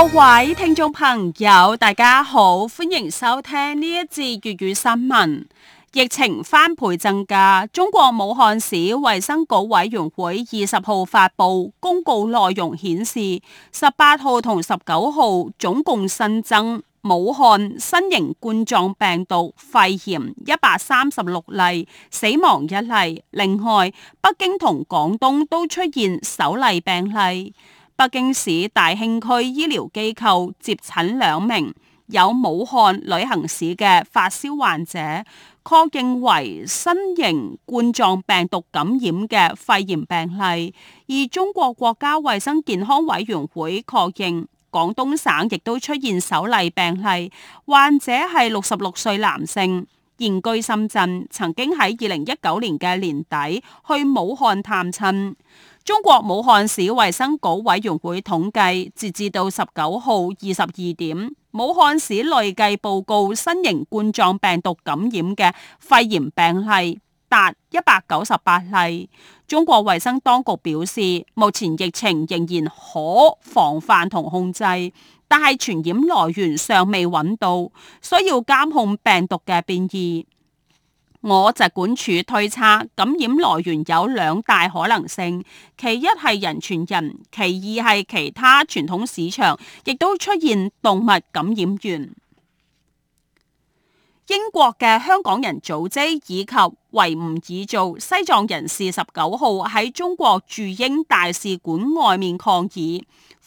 各位聽眾朋友，大家好，歡迎收聽呢一節粵語新聞。疫情翻倍增加，中國武漢市衛生局委員會二十號發布公告，內容顯示十八號同十九號總共新增武漢新型冠狀病毒肺炎一百三十六例，死亡一例。另外，北京同廣東都出現首例病例。北京市大興區醫療機構接診兩名有武漢旅行史嘅發燒患者，確認為新型冠狀病毒感染嘅肺炎病例。而中國國家衛生健康委員會確認，廣東省亦都出現首例病例，患者係六十六歲男性，現居深圳，曾經喺二零一九年嘅年底去武漢探親。中國武漢市衛生局委員會統計，截至到十九號二十二點，武漢市累計報告新型冠狀病毒感染嘅肺炎病例達一百九十八例。中國衛生當局表示，目前疫情仍然可防範同控制，但係傳染來源尚未揾到，需要監控病毒嘅變異。我疾管署推測，感染來源有兩大可能性，其一係人傳人，其二係其他傳統市場，亦都出現動物感染源。英國嘅香港人組織以及維吾爾族、西藏人士十九號喺中國駐英大使館外面抗議，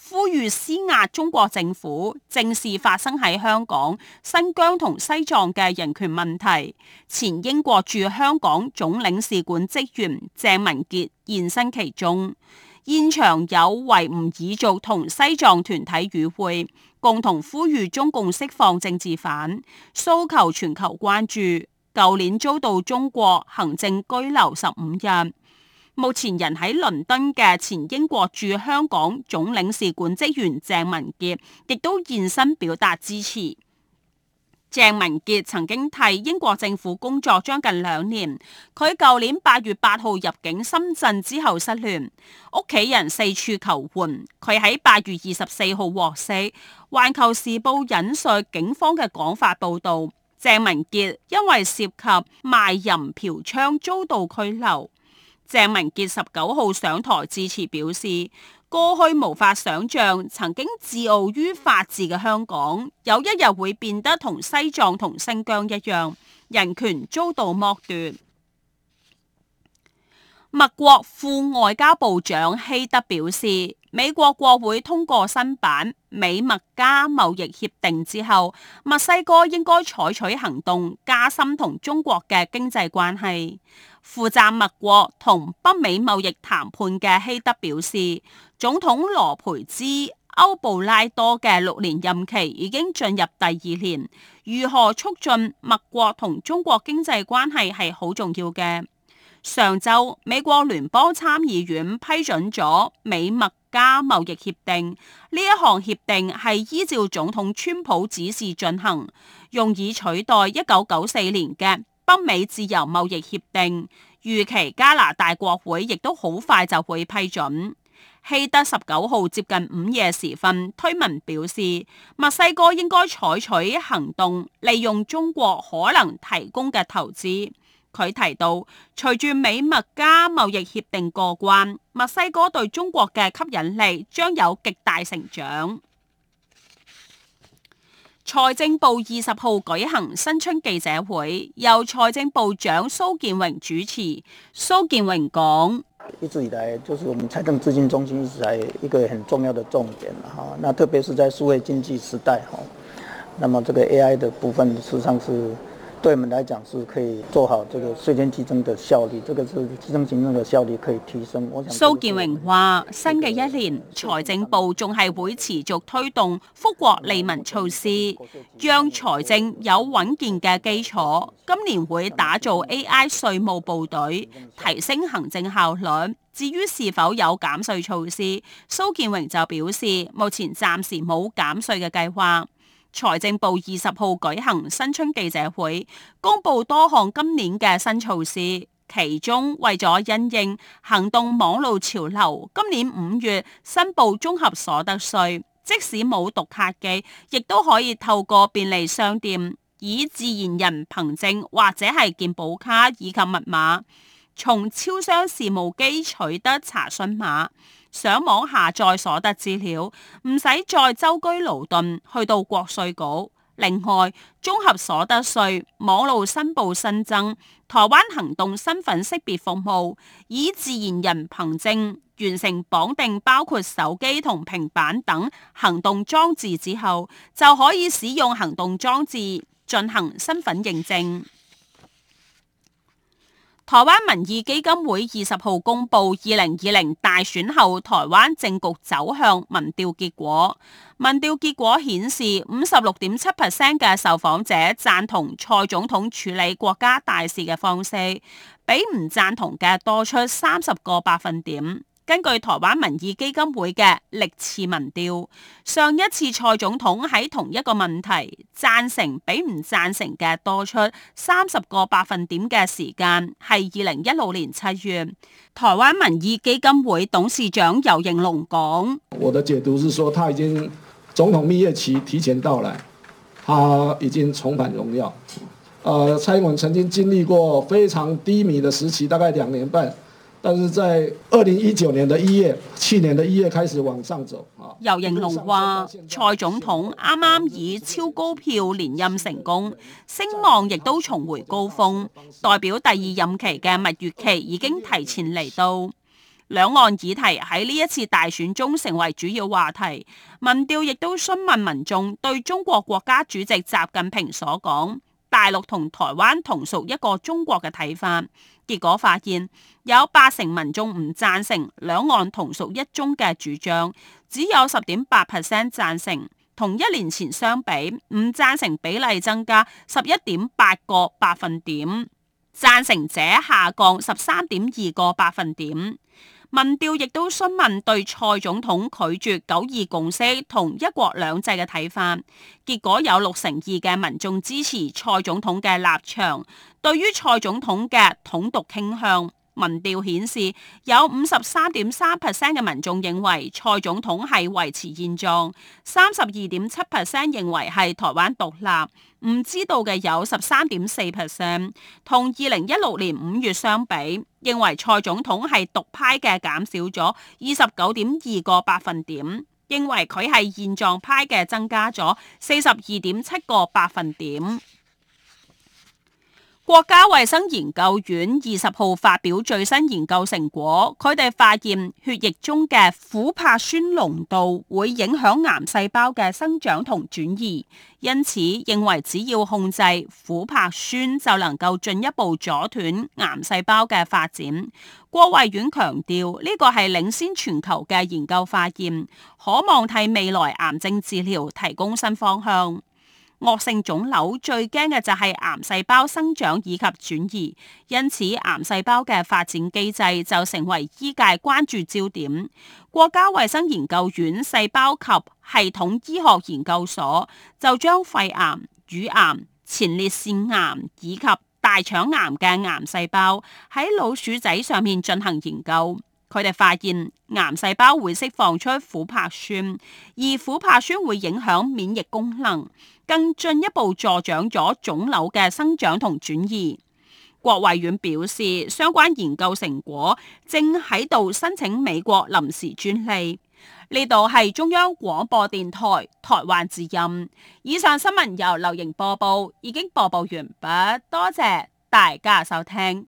呼籲施壓中國政府正視發生喺香港、新疆同西藏嘅人權問題。前英國駐香港總領事館職員鄭文傑現身其中。現場有維吾爾族同西藏團體與會，共同呼籲中共釋放政治犯，訴求全球關注。舊年遭到中國行政拘留十五日，目前人喺倫敦嘅前英國駐香港總領事館職員鄭文傑，亦都現身表達支持。鄭文傑曾經替英國政府工作將近兩年，佢舊年八月八號入境深圳之後失聯，屋企人四處求援，佢喺八月二十四號獲釋。環球時報引述警方嘅講法報道，鄭文傑因為涉及賣淫嫖娼遭到拘留。鄭文傑十九號上台致辭表示。過去無法想象，曾經自傲於法治嘅香港，有一日會變得同西藏同新疆一樣，人權遭到剝奪。墨國副外交部長希德表示，美國國會通過新版美墨加貿易協定之後，墨西哥應該採取行動，加深同中國嘅經濟關係。負責墨國同北美貿易談判嘅希德表示，總統羅培茲、歐布拉多嘅六年任期已經進入第二年，如何促進墨國同中國經濟關係係好重要嘅。上晝，美國聯邦參議院批准咗美墨加貿易協定，呢一項協定係依照總統川普指示進行，用以取代一九九四年嘅美自由貿易協定預期加拿大國會亦都好快就會批准。希德十九號接近午夜時分推文表示，墨西哥應該採取行動，利用中國可能提供嘅投資。佢提到，隨住美墨加貿易協定過關，墨西哥對中國嘅吸引力將有極大成長。財政部二十號舉行新春記者會，由財政部長蘇建榮主持。蘇建榮講：一直以來，就是我們財政資金中心一直在一個很重要的重點哈，那特別是在數位經濟時代，哈，那麼這個 AI 的部分，事實上是。對我們來講是可以做好這個稅捐稽徵的效率，這個是稽徵行政的效率可以提升。我想，蘇建榮話：新嘅一年，財政部仲係會持續推動福國利民措施，讓財政有穩健嘅基礎。今年會打造 AI 稅務部隊，提升行政效率。至於是否有減稅措施，蘇建榮就表示，目前暫時冇減稅嘅計劃。財政部二十號舉行新春記者會，公布多項今年嘅新措施，其中為咗因應行動網路潮流，今年五月申報綜合所得稅，即使冇讀卡機，亦都可以透過便利商店以自然人憑證或者係健保卡以及密碼。從超商事務機取得查詢碼，上網下載所得資料，唔使再舟車勞頓去到國稅局。另外，綜合所得稅網路申報新增台灣行動身份識別服務，以自然人憑證完成綁定，包括手機同平板等行動裝置之後，就可以使用行動裝置進行身份認證。台灣民意基金會二十號公布二零二零大選後台灣政局走向民調結果，民調結果顯示五十六點七 percent 嘅受訪者讚同蔡總統處理國家大事嘅方式，比唔讚同嘅多出三十個百分點。根據台灣民意基金會嘅歷次民調，上一次蔡總統喺同一個問題。贊成比唔贊成嘅多出三十個百分點嘅時間，係二零一六年七月。台灣民意基金會董事長游盈隆講：我的解讀是說，他已經總統蜜月期提前到來，他已經重返榮耀。呃，蔡英文曾經經歷過非常低迷嘅時期，大概兩年半。但是在二零一九年的一月，去年的一月開始往上走啊。游盈龍話：蔡總統啱啱以超高票連任成功，聲望亦都重回高峰。代表第二任期嘅蜜月期已經提前嚟到。兩岸議題喺呢一次大選中成為主要話題，民調亦都詢問民眾對中國國家主席習近平所講大陸同台灣同屬一個中國嘅睇法。結果發現，有八成民眾唔贊成兩岸同屬一中嘅主張，只有十點八 percent 贊成。同一年前相比，唔贊成比例增加十一點八個百分點，贊成者下降十三點二個百分點。民調亦都詢問對蔡總統拒絕《九二共識》同一國兩制嘅睇法，結果有六成二嘅民眾支持蔡總統嘅立場，對於蔡總統嘅統獨傾向。民調顯示，有五十三點三 percent 嘅民眾認為蔡總統係維持現狀，三十二點七 percent 認為係台灣獨立，唔知道嘅有十三點四 percent。同二零一六年五月相比，認為蔡總統係獨派嘅減少咗二十九點二個百分點，認為佢係現狀派嘅增加咗四十二點七個百分點。國家衛生研究院二十號發表最新研究成果，佢哋發現血液中嘅琥珀酸濃度會影響癌細胞嘅生長同轉移，因此認為只要控制琥珀酸就能夠進一步阻斷癌細胞嘅發展。國衛院強調，呢個係領先全球嘅研究發現，可望替未來癌症治療提供新方向。惡性腫瘤最驚嘅就係癌細胞生長以及轉移，因此癌細胞嘅發展機制就成為醫界關注焦點。國家衛生研究院細胞及系統醫學研究所就將肺癌、乳癌、前列腺癌以及大腸癌嘅癌細胞喺老鼠仔上面進行研究。佢哋發現癌細胞會釋放出琥珀酸，而琥珀酸會影響免疫功能。更進一步助長咗腫瘤嘅生長同轉移。國衞院表示，相關研究成果正喺度申請美國臨時專利。呢度係中央廣播電台台灣之音。以上新聞由劉盈播報，已經播報完畢，多謝大家收聽。